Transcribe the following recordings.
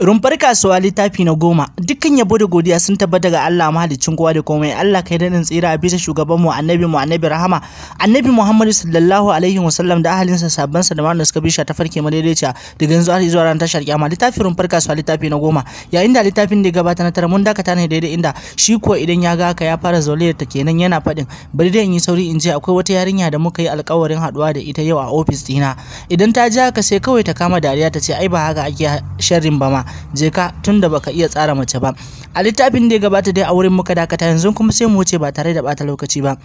Rumfar kasuwa littafi na goma dukkan yabo da godiya sun tabbata ga Allah mahaliccin kowa da komai Allah kai daɗin tsira a bisa shugabanmu annabi mu annabi rahama annabi Muhammadu sallallahu alaihi wasallam da ahalinsa sabban sa da ma suka bisha ta farke madaidaiciya daga yanzu har zuwa ran tashar kiyama littafin rumfar kasuwa littafi na goma yayin da littafin da gabata na tara mun dakata ne daidai inda shi ko idan ya ga haka ya fara zauliyar ta kenan yana faɗin bari dai in yi sauri in je akwai wata yarinya da muka yi alƙawarin haɗuwa da ita yau a ofis dina idan ta ji haka sai kawai ta kama dariya ta ce ai ba haka ake sharrin ba ma je ka tunda baka iya tsara mace ba a littafin da ya gabata dai a wurin muka dakata yanzu kuma sai mu wuce ba tare da bata lokaci ba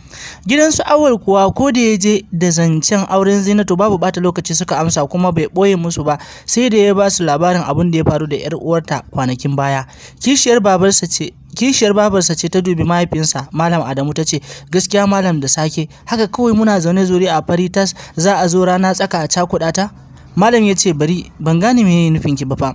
gidan su awal kuwa ko da ya da zancen auren Zinatu babu bata lokaci suka amsa kuma bai boye musu ba sai da ya ba su labarin abin da ya faru da yar uwarta kwanakin baya kishiyar babarsa ce kishiyar babarsa ce ta dubi mahaifinsa malam adamu ta ce gaskiya malam da sake haka kawai muna zaune zuri a fari ta za a zo rana tsaka a cakuɗa ta malam ya ce bari ban gane me nufin ki ba fa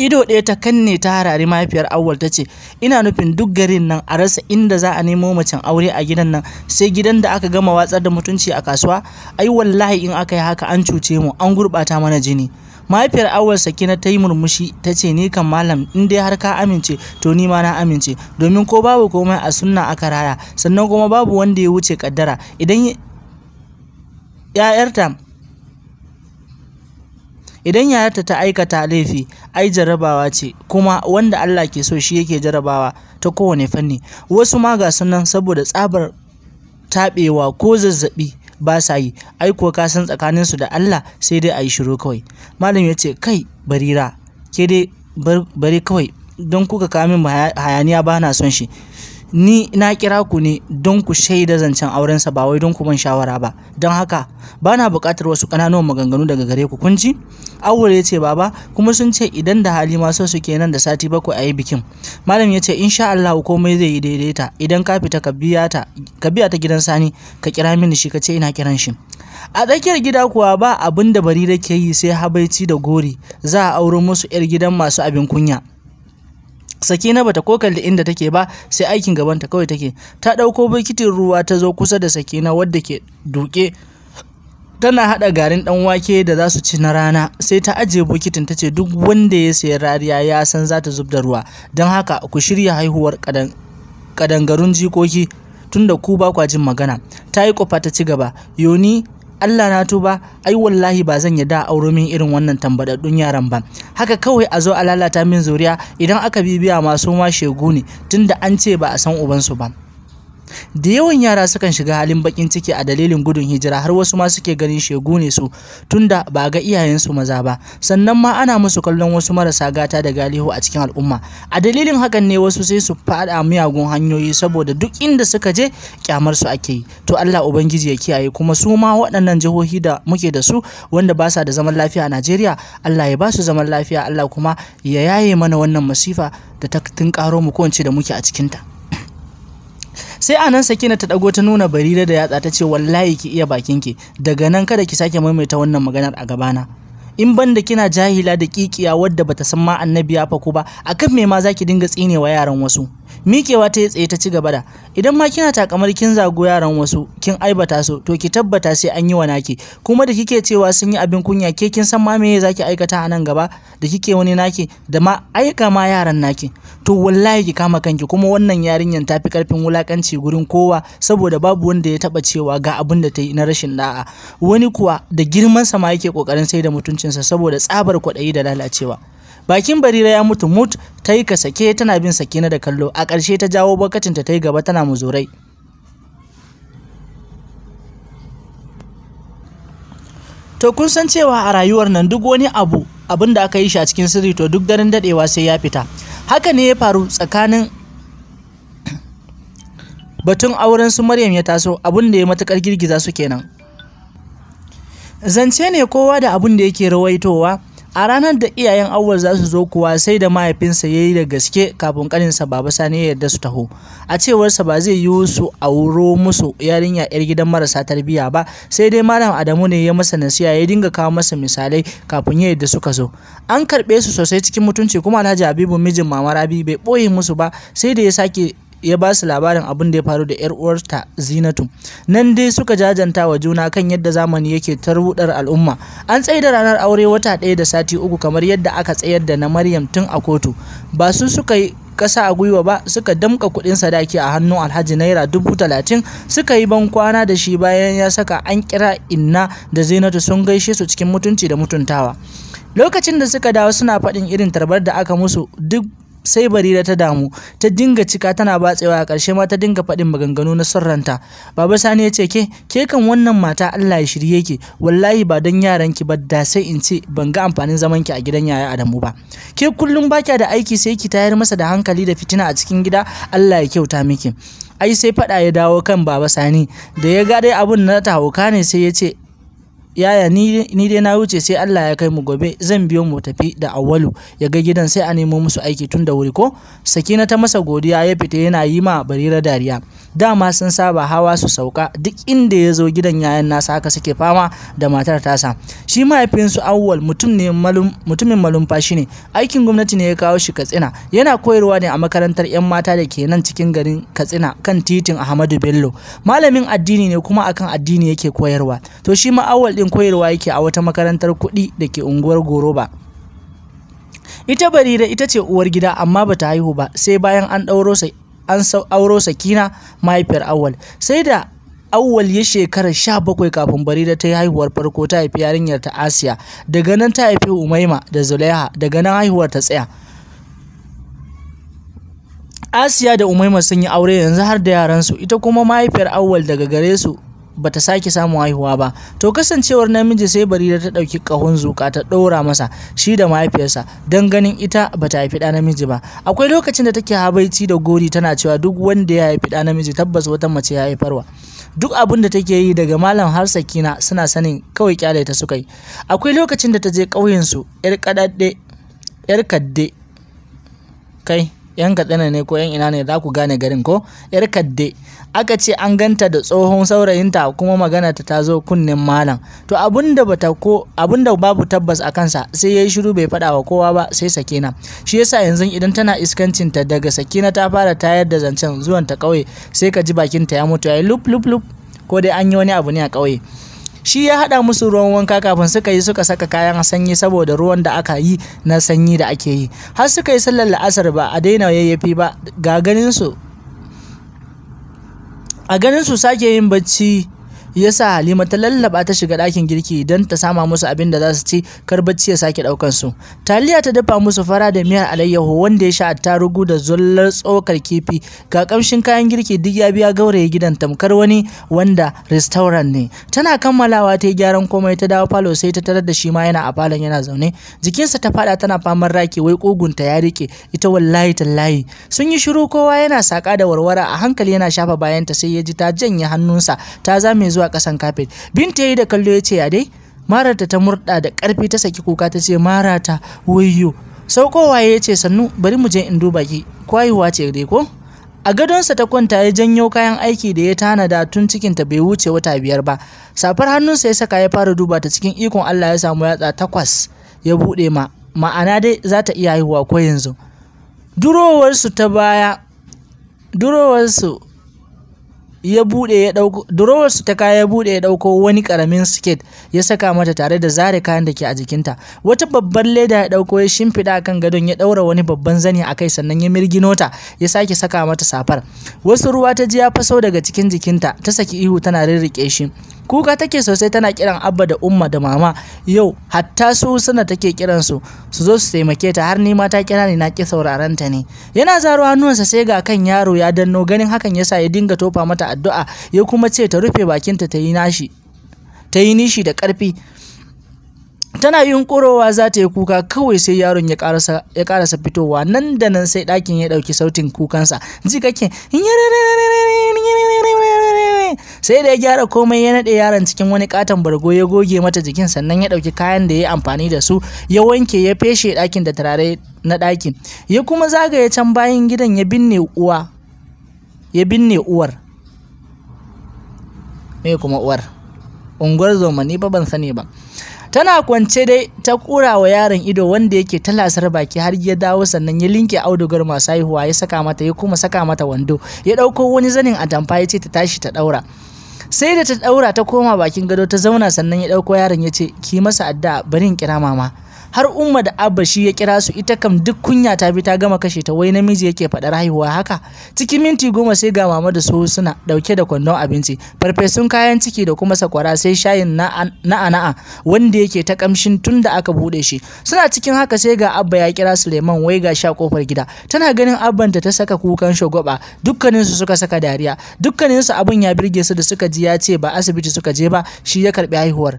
ido ɗaya ta kanne ta harari mahaifiyar awwal ta ce ina nufin duk garin nan a rasa inda za a nemo macen aure a gidan nan sai gidan da aka gama watsar da mutunci a kasuwa ai wallahi in aka yi haka an cuce mu an gurɓata mana jini mahaifiyar awal sakina ta yi murmushi ta ce ni kan malam in dai har ka amince to ni ma na amince domin ko babu komai a sunna aka raya sannan kuma babu wanda ya wuce kaddara idan ya'yarta Idan yayarta ta aikata laifi, ai jarabawa ce, kuma wanda Allah ke so shi yake jarabawa ta kowane fanni. Wasu ma ga sunan saboda tsabar taɓewa ko zazzaɓi ba sa yi, ai kuwa ka san tsakaninsu da Allah sai dai a yi shiru kawai. Malam ya ce, kai barira, ke dai bari kawai don kuka kawo min hayaniya ba na son shi. ni na kira ku ne don ku shaida zancen aurensa ba wai don ku ban shawara ba don haka Bana na buƙatar wasu ƙananan maganganu daga gare ku kun ji awul ya ce baba kuma sun ce idan da hali ma so suke nan da sati bakwai a yi bikin malam ya ce insha Allah komai zai yi daidaita idan ka fita ka biya ta ka biya ta gidan sani ka kira mini shi ka ce ina kiran shi a tsakiyar gida kuwa ba abin da barira ke yi sai habaici da gori za a auro musu 'yar gidan masu abin kunya sakina bata kokal da inda take ba sai aikin gabanta kawai take ta ɗauko bokitin ruwa ta zo kusa da sakina wadda ke duke tana haɗa garin ɗan wake da za su ci na rana sai ta ajiye bokitin ta ce duk wanda ya sayi rariya ya san za ta zub da ruwa don haka ku shirya haihuwar kadangarun jikoki tunda ku ba kwa jin magana ta yi kofa ta ci gaba yoni Allah na tuba ai wallahi ba zan yadda auro min irin wannan tambadaddun yaran ba haka kawai a zo a lalata min zuriya idan aka bibiya masu ma shegu ne tunda an ce ba a san ubansu ba da yawan yara sukan shiga halin bakin ciki a dalilin gudun hijira har wasu ma suke ganin shegu ne su tunda ba ga iyayensu maza ba sannan ma ana musu kallon wasu marasa gata da galihu a cikin al'umma a dalilin hakan ne wasu sai su fada miyagun hanyoyi saboda duk inda suka je kyamar su ake yi to Allah ubangiji ya kiyaye kuma su ma waɗannan jihohi da muke da su wanda ba sa da zaman lafiya a Najeriya Allah ya ba su zaman lafiya Allah kuma ya yaye mana wannan masifa da ta karo mu ko da muke a cikinta sai a nan sakina ta dago ta nuna barira da yatsa ta ce wallahi ki iya bakin ki daga nan kada ki sake maimaita wannan maganar a gabana in banda kina jahila da kikiya wadda bata san ma annabi ya faku ba akan me ma zaki dinga tsinewa yaran wasu mikewa ta tsaye ta ci gaba da idan ma kina takamar kin zago yaran wasu kin aibata su to ki tabbata sai an yi wa naki kuma da kike cewa sun yi abin kunya ke kin san ma meye zaki aikata a nan gaba da kike wani naki da ma aika ma yaran naki to wallahi ki kama kanki kuma wannan yarinyan ta fi karfin wulakanci gurin kowa saboda babu wanda ya taba cewa ga abin da ta yi na rashin da'a wani kuwa da girman sa yake kokarin sai da mutuncin cikinsa saboda tsabar kwaɗayi da lalacewa bakin barira ya mutu mut ta yi kasake tana bin na da kallo a ƙarshe ta jawo bakacinta ta yi gaba tana muzurai to kun san cewa a rayuwar nan duk wani abu abin da aka yi shi a cikin sirri to duk daren dadewa sai ya fita haka ne ya faru tsakanin batun auren su maryam ya taso abin da ya matukar girgiza su kenan zance ne kowa da abin da yake rawaitowa a ranar da iyayen awwal za su zo kuwa sai da mahaifinsa ya yi da gaske kafin kaninsa baba sani ya yarda su taho a cewarsa ba zai yi su auro musu yarinya yar gidan marasa tarbiyya ba sai dai malam adamu ne ya masa nasiya ya dinga kawo masa misalai kafin ya yarda suka zo an karɓe su sosai cikin mutunci kuma alhaji habibu mijin mama rabi bai boye musu ba sai da ya sake ya ba su labarin abin da ya faru da 'yar uwarta Zinatu. Nan dai suka jajanta wa juna kan yadda zamani yake ta al'umma. An tsaye da ranar aure wata ɗaya da sati uku kamar yadda aka tsayar da na Maryam tun a kotu. Ba su suka yi kasa a gwiwa ba suka damka kuɗin sadaki a hannun alhaji naira dubu talatin suka yi ban kwana da shi bayan ya saka an kira inna da zinatu sun gaishe su cikin mutunci da mutuntawa lokacin da suka dawo suna faɗin irin tarbar da aka musu duk sai barira ta damu ta dinga cika tana batsewa a ƙarshe ma ta dinga faɗin maganganu na son ranta baba sani ya ce ke ke kan wannan mata Allah ya shirye ki wallahi ba don yaran ki ba da sai in ce ban ga amfanin zaman ki a gidan yaya Adamu ba ke kullum ba da aiki sai ki tayar masa da hankali da fitina a cikin gida Allah ya kyauta miki ai sai faɗa ya dawo kan baba sani da ya ga dai abun na ta hauka ne sai ya ce yaya ni dai na wuce sai Allah ya kai mu gobe zan biyo mu tafi da awwalu ya ga gidan sai a nemo musu aiki tun da wuri ko sakina ta masa godiya ya fita yana yi ma barira dariya dama sun saba hawa su sauka duk inda ya zo gidan yayan nasa haka suke fama da matar tasa shi mahaifinsu awwal mutum ne malum mutumin malumfashi ne aikin gwamnati ne ya kawo shi katsina yana koyarwa ne a makarantar yan mata da ke nan cikin garin katsina kan titin ahmadu bello malamin addini ne kuma akan addini yake koyarwa to shi ma awwal ɗin koyarwa yake a wata makarantar kuɗi da ke unguwar goro ba. Ita Barira ita ce uwar gida amma bata haihu ba sai bayan an ɗauro an auro Sakina mahaifiyar Awwal. Sai da Awwal ya shekara sha bakwai kafin Barira ta yi haihuwar farko ta haifi yarinyar ta Asiya. Daga nan ta haifi Umaima da Zulaiha daga nan haihuwar ta tsaya. Asiya da Umaima sun yi aure yanzu har da yaransu ita kuma mahaifiyar Awwal daga gare su bata sake samun haihuwa ba to kasancewar namiji sai barira ta ɗauki kahun zuƙa ta ɗora masa shi da mahaifiyarsa don ganin ita bata haifi da namiji ba akwai lokacin da take habaici da gori tana cewa duk wanda ya haifi da namiji tabbas wata mace ya haifarwa duk abin da take yi daga malam har sakina suna sanin kawai kyale ta suka yi akwai lokacin da ta je ƙauyensu 'yar kadadde 'yar kadde kai 'yan katsina ne ko 'yan ina ne za ku gane garin ko yar kadde aka ce an ganta da tsohon saurayinta kuma magana ta zo kunnen malam to abinda bata babu tabbas a kansa sai yayi shiru bai faɗawa wa kowa ba sai sakina shi yasa yanzu idan tana iskancin ta daga sakina ta fara tayar da zancen zuwan ta kauye sai ka ji bakinta ya mutu yayi lup lup lup ko dai an yi wani abu ne a kauye shi ya haɗa musu ruwan wanka kafin suka yi suka saka kayan sanyi saboda ruwan da aka yi na sanyi da ake yi har suka yi sallar la'asar ba a daina yayyafi ba ga ganin su a ganin su sake yin bacci yasa Halima ta lallaba ta shiga ɗakin girki don ta sama musu abin da za su ci kar bacci ya sake ɗaukan su. Taliya ta dafa musu fara da miyar alayyaho wanda ya sha attarugu da zullar tsokar kifi ga kamshin kayan girki duk ya biya gauraye gidan tamkar wani wanda restaurant ne. Tana kammalawa ta yi gyaran komai ta dawo falo sai ta tarar da shi ma yana a falon yana zaune. Jikinsa ta faɗa tana faman raki wai ƙugunta ya rike ita wallahi tallahi. Sun yi shiru kowa yana saƙa da warwara a hankali yana shafa bayanta sai ya ji ta janye hannunsa ta zame zuwa zuwa kasan kafet binta yayi da kallo ya ce ya dai marata ta murɗa da karfi ta saki kuka ta ce marata wayo saukowa ya ce sannu bari mu je in duba ki ce dai ko a gadonsa ta kwanta ya janyo kayan aiki da ya tanada tun cikin ta bai wuce wata biyar ba safar hannunsa ya saka ya fara duba ta cikin ikon allah ya samu yatsa takwas ya buɗe ma ma'ana dai za ta iya haihuwa ko yanzu durowarsu ta baya durowarsu ya bude ya dauko drawers ta kaya ya bude ya dauko wani karamin siket ya saka mata tare da zare kayan da ke a jikinta wata babbar leda ya dauko ya shimfida kan gadon ya daura wani babban zani a kai sannan ya mirgino ta ya sake saka mata safar wasu ruwa ta ji ya faso daga cikin jikinta ta saki ihu tana rirrike shi kuka take sosai tana kiran abba da umma da mama yau hatta su suna take kiran su su zo su taimake ta har ni ma ta kira ni na ki sauraron ta ne yana zaro hannuwansa sai ga kan yaro ya danno ganin hakan yasa ya dinga tofa mata addu'a ya kuma ce ta rufe bakinta ta yi nashi ta yi nishi da ƙarfi tana yunkurowa za ta yi kuka kawai sai yaron ya karasa fitowa nan da nan sai ɗakin ya ɗauki sautin kukansa ji kake sai da ya gyara komai ya naɗe yaron cikin wani katon bargo ya goge mata jikin sannan ya ɗauki kayan da ya yi amfani da su ya wanke ya feshe ɗakin da tarare na ɗakin ya kuma zagaye can bayan gidan ya binne uwa ya binne uwar me kuma uwar unguwar zoma ba ban sani ba tana kwance dai ta kura wa yaron ido wanda yake talasar baki har ya dawo sannan ya linke audugar masu haihuwa ya saka mata ya kuma saka mata wando ya ɗauko wani zanin atamfa ya ce ta tashi ta ɗaura sai da ta ɗaura ta koma bakin gado ta zauna sannan ya ɗauko yaron ya ce ki masa addu'a bari in kira mama har umma da abba shi ya kira su ita kam duk kunya ta bi ta gama kashe ta wai namiji yake faɗar haihuwa haka cikin minti goma sai ga mama da su suna ɗauke da kwandon abinci farfesun kayan ciki da kuma sakwara sai shayin na'a na'a wanda yake ta kamshin tunda aka buɗe shi suna cikin haka sai ga abba ya kira suleiman wai ga sha kofar gida tana ganin abbanta ta saka kukan shagwaba dukkaninsu suka saka dariya dukkaninsu abin ya birge su da suka ji ya ce ba asibiti suka je ba shi ya karbi haihuwar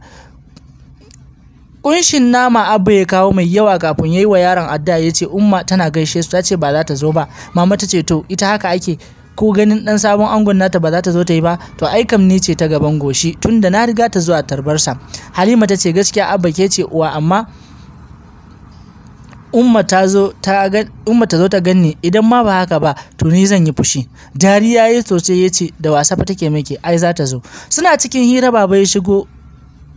ƙunshin nama Abba ya kawo mai yawa kafin ya yi wa yaron adda, ya ce Umma tana gaishe su ta ce ba za ta zo ba. Mama ta ce to ita haka ake ko ganin ɗan sabon angon nata ba za ta zo ta yi ba to ai kam ni ce ta gaban goshi tunda na riga ta zuwa tarbarsa. Halima ta ce gaskiya Abba ke ce uwa amma umma ta zo ta ganni idan ma ba haka ba to ni zan yi fushi dariya ya sosai ya ce da wasa fa take miki ai za ta zo suna cikin hira baba ya shigo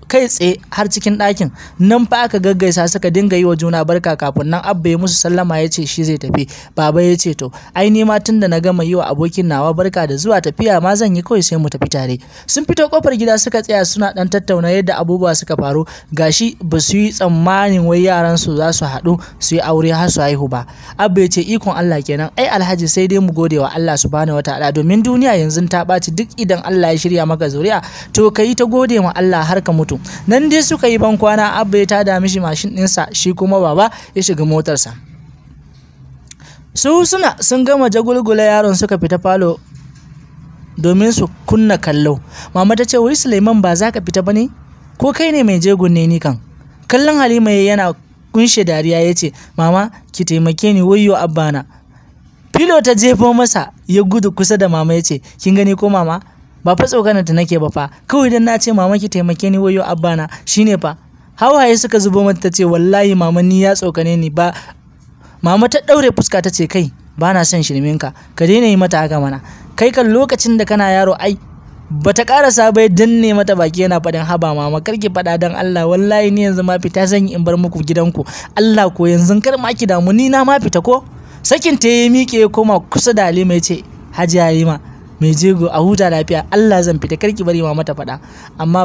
kai tsaye har cikin ɗakin nan fa aka gaggaisa suka dinga yi wa juna barka kafin nan abba ya musu sallama ya ce shi zai tafi baba ya ce to ai ni ma da na gama yi wa abokin nawa barka da zuwa tafiya ma zan yi kawai sai mu tafi tare sun fito kofar gida suka tsaya suna dan tattauna yadda abubuwa suka faru gashi ba su yi tsammanin wai yaran su za su haɗu su yi aure har su haihu ba abba ya ce ikon Allah kenan ai alhaji sai dai mu gode wa Allah subhanahu wataala domin duniya yanzu ta ɓaci duk idan Allah ya shirya maka zuriya to kai ta gode ma Allah har ka mutu mutu nan dai suka yi ban kwana abba ya tada mishi mashin ɗinsa shi kuma baba ya shiga motarsa su suna sun gama jagulgula yaron suka fita falo domin su kunna kallo mama ta ce wai suleiman ba za ka fita ba ne ko kai ne mai jegun ne ni kan kallon halima yana kunshe dariya ya ce mama ki taimake ni wayyo abbana filo ta jefo masa ya gudu kusa da mama ya ce kin gani ko mama ba fa tsokanar ta nake ba fa kawai dan na ce mama ki taimake ni wayo abba na shine fa hawaye suka zubo mata ta ce wallahi mama ni ya tsokane ni ba mama ta daure fuska ta ce kai ba na son shirmin ka daina yi mata haka mana kai kan lokacin da kana yaro ai bata karasa bai danne mata baki yana faɗin haba mama karki faɗa dan Allah wallahi ni yanzu ma fita zan yi in bar muku gidanku Allah ko yanzu kar ma ki damu ni na ma fita ko sakin ta ya miƙe ya koma kusa da Halima ya ce Hajiya Halima mai jego a huta lafiya Allah zan fita karki bari ma mata faɗa amma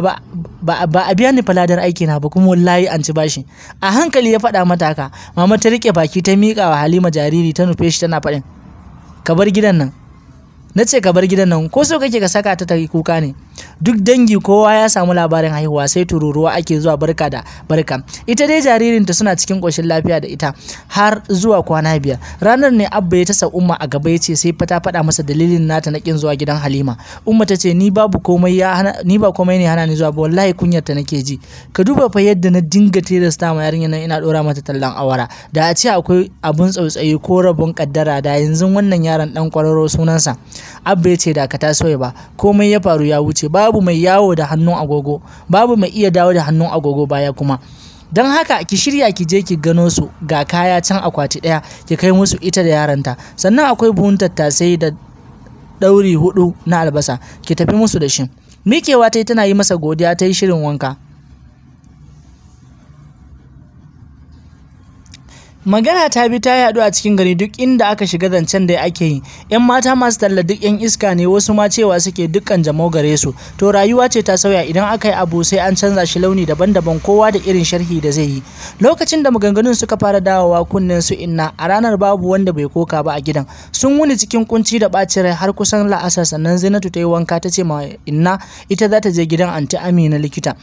ba a biya ni faladar aiki na ba kuma wallahi an ci bashi a hankali ya faɗa mata haka mama ta rike baki ta miƙa wa Halima jariri ta nufe shi tana faɗin ka bar gidan nan na ce ka bar gidan nan ko so kake ka saka ta tayi kuka ne duk dangi kowa ya samu labarin haihuwa sai tururuwa ake zuwa barka da barka ita dai jaririnta suna cikin ƙoshin lafiya da ita har zuwa kwana biyar ranar ne abba ya tasa umma a gaba ya ce sai fata faɗa masa dalilin nata na ƙin zuwa gidan halima umma ta ce ni babu komai ya ni ba komai ne hana ni zuwa ba wallahi kunyar ta nake ji ka duba fa yadda na dinga ta ma yarinya nan ina ɗora mata tallan awara da a ce akwai abun tsautsayi ko rabon kaddara da yanzu wannan yaron dan kwararo sunansa abba ya ce dakata sauya ba komai ya faru ya wuce babu mai yawo da hannun agogo babu mai iya dawo da hannun agogo baya kuma don haka ki shirya ki je ki gano su ga kaya can akwati ɗaya ki kai musu ita da yaranta sannan akwai buhun tattasai da ɗauri hudu na albasa ki tafi musu da shi mikewa ta yi tana yi masa godiya ta yi shirin wanka magana ta bi ta yaɗu a cikin gari duk inda aka shiga zancen da ake yi yan mata masu talla duk yan iska ne wasu ma cewa suke dukkan jamau gare su to rayuwa ce ta sauya idan aka yi abu sai an canza shi launi daban-daban kowa da irin sharhi da zai yi lokacin da maganganun suka fara dawowa kunnen su inna a ranar babu wanda bai koka ba a gidan sun wuni cikin kunci da ɓacin rai har kusan la'asar sannan zinatu ta yi wanka ta ce ma inna ita za ta je gidan anti amina likita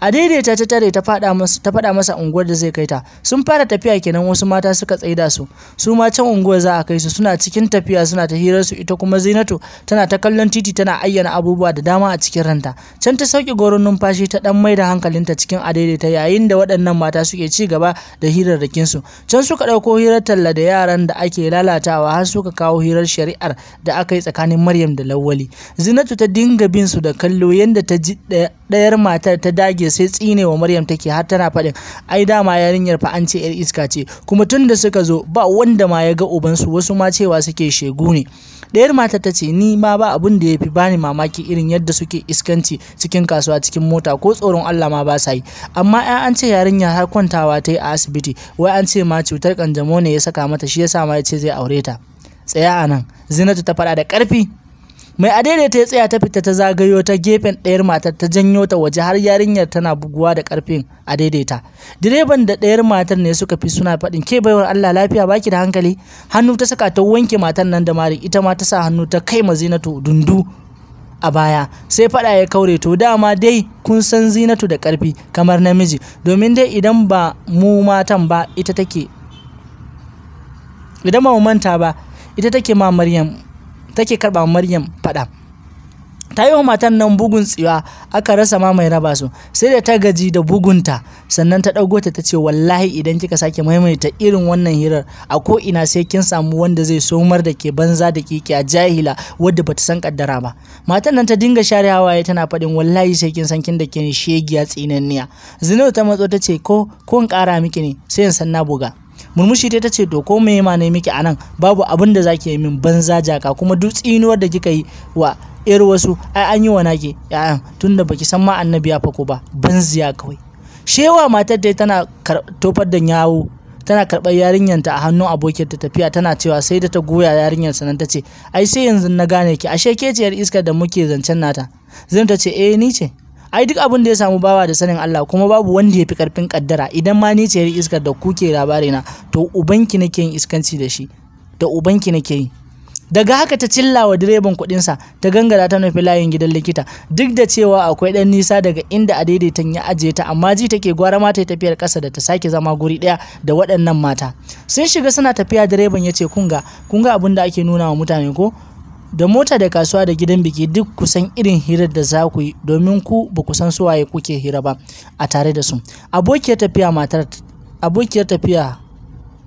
a daidaita ta tare ta faɗa masa unguwar da zai kai ta sun fara tafiya kenan wasu wasu mata suka tsaida su su ma can unguwar za a kai su suna cikin tafiya suna ta hirar su ita kuma Zainatu tana ta kallon titi tana ayyana abubuwa da dama a cikin ranta can ta sauke goron numfashi ta dan maida hankalinta cikin ta yayin da waɗannan mata suke ci gaba da hirarrakin su can suka ɗauko hirar talla da yaran da ake lalatawa har suka kawo hirar shari'ar da aka yi tsakanin Maryam da Lawwali Zinatu ta dinga bin su da kallo yadda ta ji ɗayar matar ta dage sai tsinewa Maryam take har tana faɗin ai dama yarinyar fa an ce 'yar iska ce kuma tun da suka zo ba wanda ma ya ga ubansu wasu ma cewa suke shegu ne ɗayar mata ta ce ni ma ba abin da ya fi bani mamaki irin yadda suke iskanci cikin kasuwa cikin mota ko tsoron Allah ma ba sa yi amma ai an ce yarinya har kwantawa ta yi a asibiti wai an ce ma cutar kanjamau ne ya saka mata shi yasa ma ya ce zai aure ta tsaya a nan zinatu ta faɗa da ƙarfi mai daidaita ya tsaya ta fita ta zagayo ta gefen ɗayar matar ta janyo ta waje har yarinyar tana buguwa da ƙarfin adaidaita direban da ɗayar matar ne suka fi suna faɗin ke baiwar allah lafiya baki da hankali hannu ta saka ta wanke matar nan da mari ita ma ta sa hannu ta kai ma zinatu dundu a baya sai faɗa ya kaure to dama dai kun san zinatu da ƙarfi kamar namiji domin dai idan ba mu matan ba ita take idan ba mu manta ba ita take ma maryam take karba maryam faɗa ta yi wa matan nan bugun tsiwa aka rasa ma mai raba su sai da ta gaji da bugunta sannan ta ɗauko ta ce wallahi idan kika sake maimaita irin wannan hirar a ko ina sai kin samu wanda zai somar da ke banza da keke a jahila wadda bata san kaddara ba matan nan ta dinga share hawaye tana faɗin wallahi sai kin san kin da ke shegiya tsinanniya zinau ta matso ta ce ko kun in ƙara miki ne sai in san na buga murmushi ta ce to ko me ma ne miki anan babu abin da zaki yi min banza jaka kuma duk tsinuwar da kika yi wa yar wasu ai an yi wa nake ya'yan tunda baki san ma annabi ya fako ba banziya kawai shewa matar dai tana tofar da yawo tana karɓar yarinyarta a hannun abokin ta tafiya tana cewa sai da ta goya yarinyar sanan ta ai sai yanzu na gane ki ashe ke ciyar iskar da muke zancen nata zan ta ce eh ni ce ai duk abin da ya samu bawa da sanin Allah kuma babu wanda ya fi karfin kaddara idan ma ni ce iskar da kuke labari na to ubanki nake yin iskanci da shi da ubanki nake yi daga haka ta cilla wa direban sa ta gangara ta nufi layin gidan likita duk da cewa akwai ɗan nisa daga inda a daidaitan ya ajiye ta amma ji take gwara mata ta tafiyar ƙasa da ta sake zama guri ɗaya da waɗannan mata sun shiga suna tafiya direban ya ce kunga kunga abin da ake nuna wa mutane ko da mota da kasuwa da gidan biki duk kusan irin hirar da za ku yi domin ku ba ku san suwaye kuke hira ba a tare da su abokiyar tafiya matar abokiyar tafiya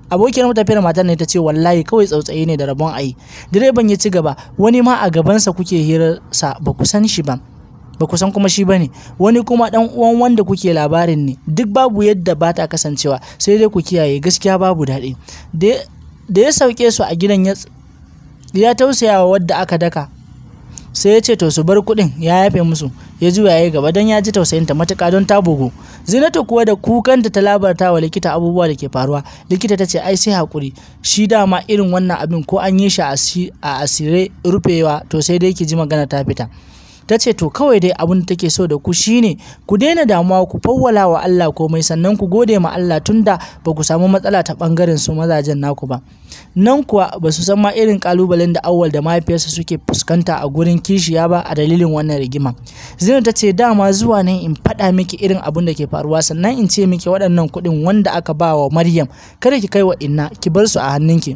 abokiyar matar ne ta ce wallahi kawai tsautsayi ne da rabon ayi direban ya ci gaba wani ma a gabansa kuke hirarsa ba ku san shi ba ba ku san kuma shi bane wani kuma dan uwan wanda kuke labarin ne duk babu yadda ba ta kasancewa sai dai ku kiyaye gaskiya babu daɗi da ya sauke su a gidan ya ya tausayawa wadda aka daka sai ya ce to su bar kuɗin ya yafe musu ya juya ya gaba don ya ji tausayin ta matuƙa don ta bugu zinatu kuwa da kukanta ta labarta wa likita abubuwa da ke faruwa likita ta ce ai sai haƙuri shi dama irin wannan abin ko an yi shi a asire rufewa to sai dai ki ji magana ta fita ta ce to kawai dai abin da take so da ku shine ku daina damuwa ku fawwala wa Allah komai sannan ku gode ma Allah tunda ba ku samu matsala ta bangaren su mazajen naku ba nan kuwa ba su san ma irin kalubalen da awwal da mahaifiyarsa suke fuskanta a gurin kishiya ba a dalilin wannan rigima zina ta ce dama zuwa nan in faɗa miki irin abin da ke faruwa sannan in ce miki waɗannan kuɗin wanda aka ba wa maryam kada ki kai wa inna ki bar su a hannunki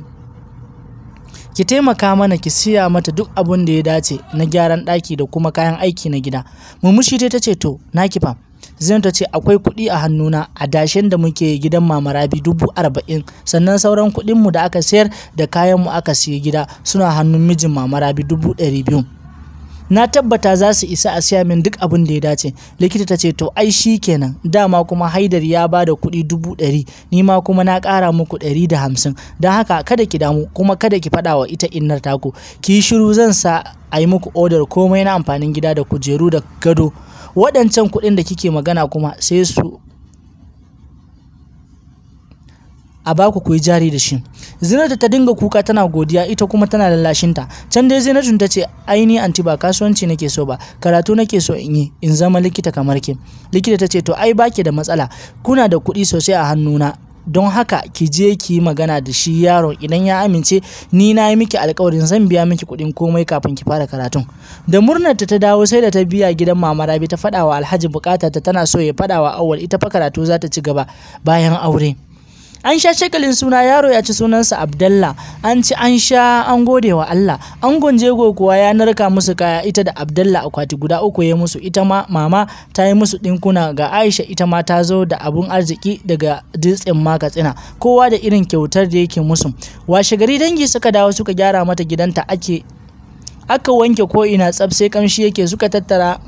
ki taimaka mana ki siya mata duk abin da ya dace na gyaran ɗaki da kuma kayan aiki na gida mumushi ta ce to na ki fa zan ta ce akwai kuɗi a hannuna a dashen da muke gidan Mama Rabi dubu arba'in sannan sauran kuɗinmu da aka sayar da kayanmu aka siya gida suna hannun mijin Mama Rabi dubu ɗari biyu. na tabbata za su isa a siya min duk abin da ya dace likita ta ce to ai shi kenan dama kuma haidar ya ba da kuɗi dubu ɗari ni ma kuma na ƙara muku ɗari da hamsin don haka kada ki damu kuma kada ki faɗa wa ita innar taku ki yi shiru zan sa a yi muku odar komai na amfanin gida da kujeru da gado waɗancan kuɗin da kike magana kuma sai su a baku ku yi jari da shi zinata ta dinga kuka tana godiya ita kuma tana lallashinta can dai zinatun ta ce aini anti ba kasuwanci nake so ba karatu nake so in yi in zama likita kamar ki likita ta ce to ai baki da matsala kuna da kuɗi sosai a hannuna don haka ki je ki yi magana da shi yaron idan ya amince ni na yi miki alkawarin zan biya miki kuɗin komai kafin ki fara karatun da murnar ta ta dawo sai da ta biya gidan mama rabi ta faɗa alhaji bukata ta tana so ya faɗa wa ita fa karatu za ta ci gaba bayan aure an sha shekalin suna yaro ya ci sunansa abdallah an ci an sha an gode wa allah angon jego kuwa ya narka musu kaya ita da abdallah akwati guda uku ya musu ita ma mama ta yi musu ɗinkuna ga aisha ita ma ta zo da abun arziki daga dutsen ma katsina kowa da irin kyautar da yake musu washe gari dangi suka dawo suka gyara mata gidanta ake aka wanke ko'ina tsaf sai kamshi yake suka tattara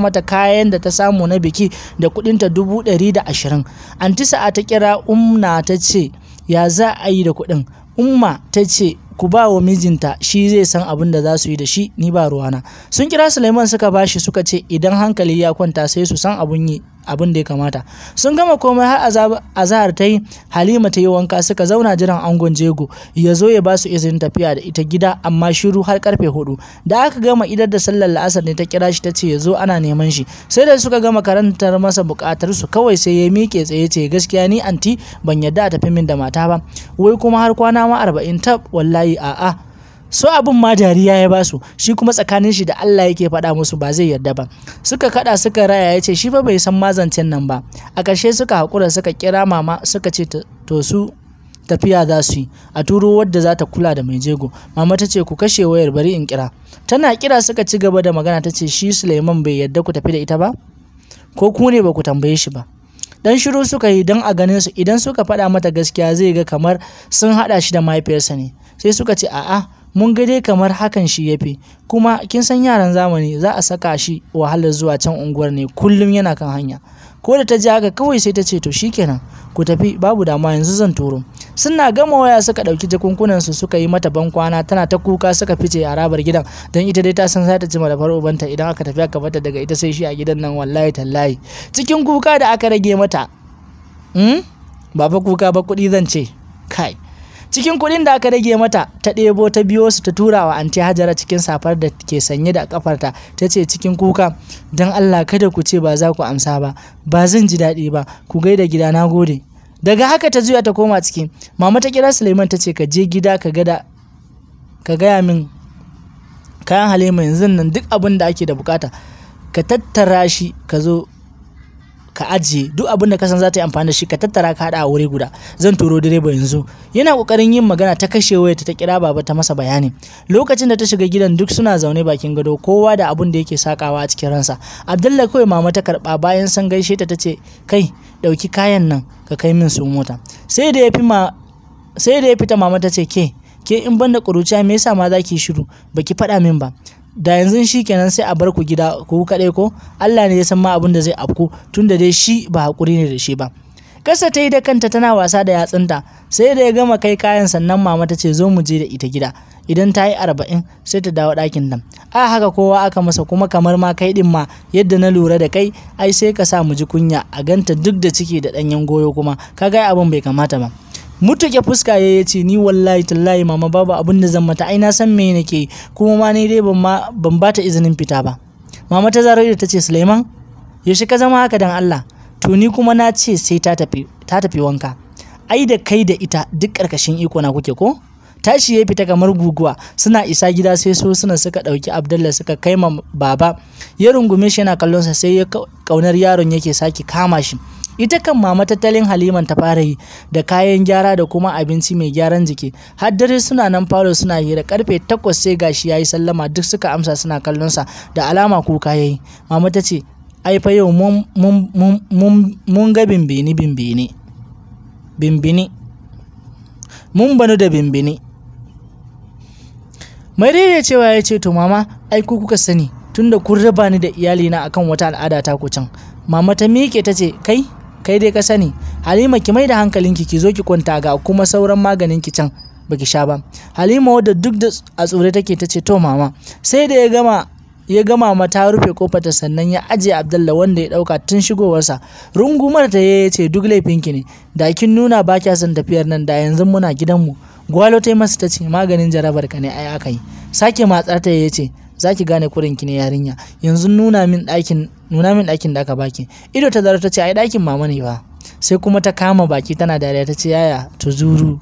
mata kayan da ta samu na biki da kudinta dubu ɗari da ashirin anti sa'a ta kira umna ta ce ya za a yi da kuɗin umma ta ce ku ba wa mijinta shi zai san abin da za su yi da shi ni ba ruwana sun kira suleiman suka bashi suka ce idan hankali ya kwanta sai su san abun yi abin da ya kamata sun gama komai har azahar ta yi halima ta yi wanka suka zauna jiran angon jego ya zo ya ba su izinin tafiya da ita gida amma shiru har karfe hudu da aka gama idar da sallar la'asar ne ta kira shi ta ce ya zo ana neman shi sai da suka gama karantar masa bukatar su kawai sai ya miƙe tsaye ce gaskiya ni anti ban yadda a tafi min da mata ba wai kuma har kwana ma arba'in tab wallahi a'a so abin ma dariya ya basu shi kuma tsakanin shi da Allah yake faɗa musu ba zai yarda ba suka kada suka raya ya ce shi fa bai san mazancin nan ba a ƙarshe suka haƙura suka kira mama suka ce to su tafiya za su yi a turo wadda za ta kula da mai jego mama ta ce ku kashe wayar bari in kira tana kira suka ci gaba da magana ta ce shi suleiman bai yarda ku tafi da ita ba ko ku ne ba ku tambaye shi ba dan shiru suka yi don a ganin su idan suka faɗa mata gaskiya zai ga kamar sun haɗa shi da mahaifiyarsa ne sai suka ce a'a mun ga dai kamar hakan shi yafi kuma kin san yaran zamani za a saka shi wahalar zuwa can unguwar ne kullum yana kan hanya ko da ta ji haka kawai sai ta ce to shi shikenan ku tafi babu dama yanzu zan turo suna gama waya suka ɗauki jakunkunan su suka yi mata bankwana tana ta kuka suka fice a rabar gidan don ita dai ta san za ta ji malafar ubanta idan aka tafi aka bata daga ita sai shi a gidan nan wallahi tallahi cikin kuka da aka rage mata hmm? ba fa kuka ba kuɗi zan ce kai cikin kuɗin da aka rage mata ta ɗebo ta biyo su ta tura wa anti hajara cikin safar da ke sanye da kafarta ta ce cikin kuka don allah kada ku ce ba za ku amsa ba ba zan ji daɗi ba ku gaida gida na gode daga haka ta juya ta koma ciki mama ta kira suleiman ta ce ka je gida ka ka gaya min kayan halima yanzu nan duk abin da ake da bukata ka tattara shi ka zo ka ajiye duk abin da ka san za ta yi amfani da shi ka tattara ka haɗa a wuri guda zan turo direba yanzu yana ƙoƙarin yin magana ta kashe waya ta kira baba ta masa bayani lokacin da ta shiga gidan duk suna zaune bakin gado kowa da abin da yake sakawa a cikin ransa abdullahi kawai mama ta karɓa bayan san gaishe ta tace kai ɗauki kayan nan ka kai min su mota sai da ya fi ma sai da ya fita mama ta ce ke ke in banda kuruciya me yasa ma zaki ki shiru baki faɗa min ba da yanzu shi kenan sai a bar ku gida ku kaɗai ko Allah ne ya san ma abin da zai afku tun da dai shi ba haƙuri ne da shi ba kasa ta yi da kanta tana wasa da yatsunta sai da ya gama kai kayan sannan mama ta ce zo mu je da ita gida idan ta yi arba'in sai ta dawo ɗakin nan a haka kowa aka masa kuma kamar ma kai ɗin ma yadda na lura da kai ai sai ka sa mu ji kunya a ganta duk da ciki da ɗanyen goyo kuma kaga abin bai kamata ba mutuke fuska ya ce ni wallahi tallahi mama babu abin da zan mata ai na san me nake kuma ma ni dai ban bata bata izinin fita ba mama ta zaro da ta ce Suleiman yaushe ka zama haka dan Allah to ni kuma na ce sai ta tafi ta tafi wanka ai da kai da ita duk karkashin iko na kuke ko tashi ya fita kamar guguwa suna isa gida sai so suna suka ɗauki abdullah suka kai ma baba ya rungume shi yana kallonsa sai ya kaunar yaron yake sake kama shi ita kan mama tattalin haliman ta fara yi da kayan gyara da kuma abinci mai gyaran jiki har dare suna nan falo suna hira karfe takwas sai gashi ya yi sallama duk suka amsa suna kallon sa da alama kaya yayi mama ta ce ai fa yau mun ga bimbini bimbini bimbini mun banu da bimbini mai daidai cewa ya ce to mama ai ku kuka sani tunda kun raba ni da iyalina akan wata al'ada ta ku can mama ta miƙe ta ce kai kai dai ka sani halima ki mai da hankalinki ki zo ki kwanta ga kuma sauran maganin ki can baki sha ba halima wadda duk da a tsore take ta ce to mama sai da ya gama ya gama mata rufe ta sannan ya aje abdalla wanda ya dauka tun shigowarsa rungumar ta ya ce duk laifinki ne da kin nuna ba kya son tafiyar nan da yanzu muna gidanmu gwalo ta masa ta ce maganin jarabar ka ne ai aka yi sake matsar ta ya ce za ki gane kurinki ne yarinya yanzu nuna min ɗakin nuna min ɗakin da aka baki ido ta zara ta ce ai ɗakin mama ne ba sai kuma ta kama baki tana dariya ta ce yaya ta zuru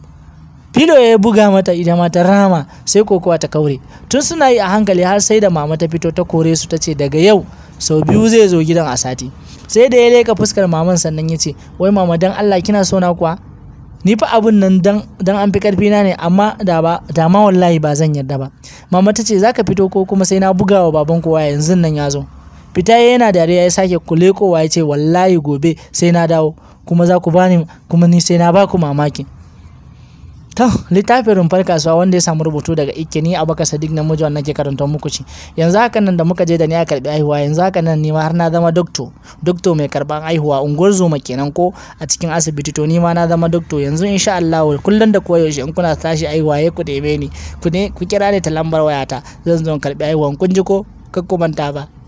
filo ya buga mata ita ma ta rama sai kokowa ta kaure tun suna yi a hankali har sai da mama ta fito ta kore su ta ce daga yau sau biyu zai zo gidan a sati sai da ya leka fuskar maman sannan ya ce wai mama dan allah kina so na kuwa ni fa abun nan dan an fi karfi na ne amma da ma wallahi ba zan yarda ba mama ta ce zaka fito ko kuma sai na bugawa baban kowa yanzu nan ya zo fita yana dariya ya sake kulekowa ya ce wallahi gobe sai na dawo kuma za ku bani kuma ni sai na ba ku mamaki to littafin rumfar kasuwa wanda ya samu rubutu daga a abaka sadiq na mujawan nake karanta muku ci yanzu haka nan da muka je da ni a karbi aihuwa yanzu haka nan ni ma har na zama doctor doctor mai karban aihuwa unguwar zuma kenan ko a cikin asibiti to ni ma na zama doctor yanzu insha Allah kullun da koyaushe in kuna tashi aihuwa ya ku debe ni ku ne ku kira ni ta lambar wayata zan zo karbi aihuwa kun ji ko kakkumanta ba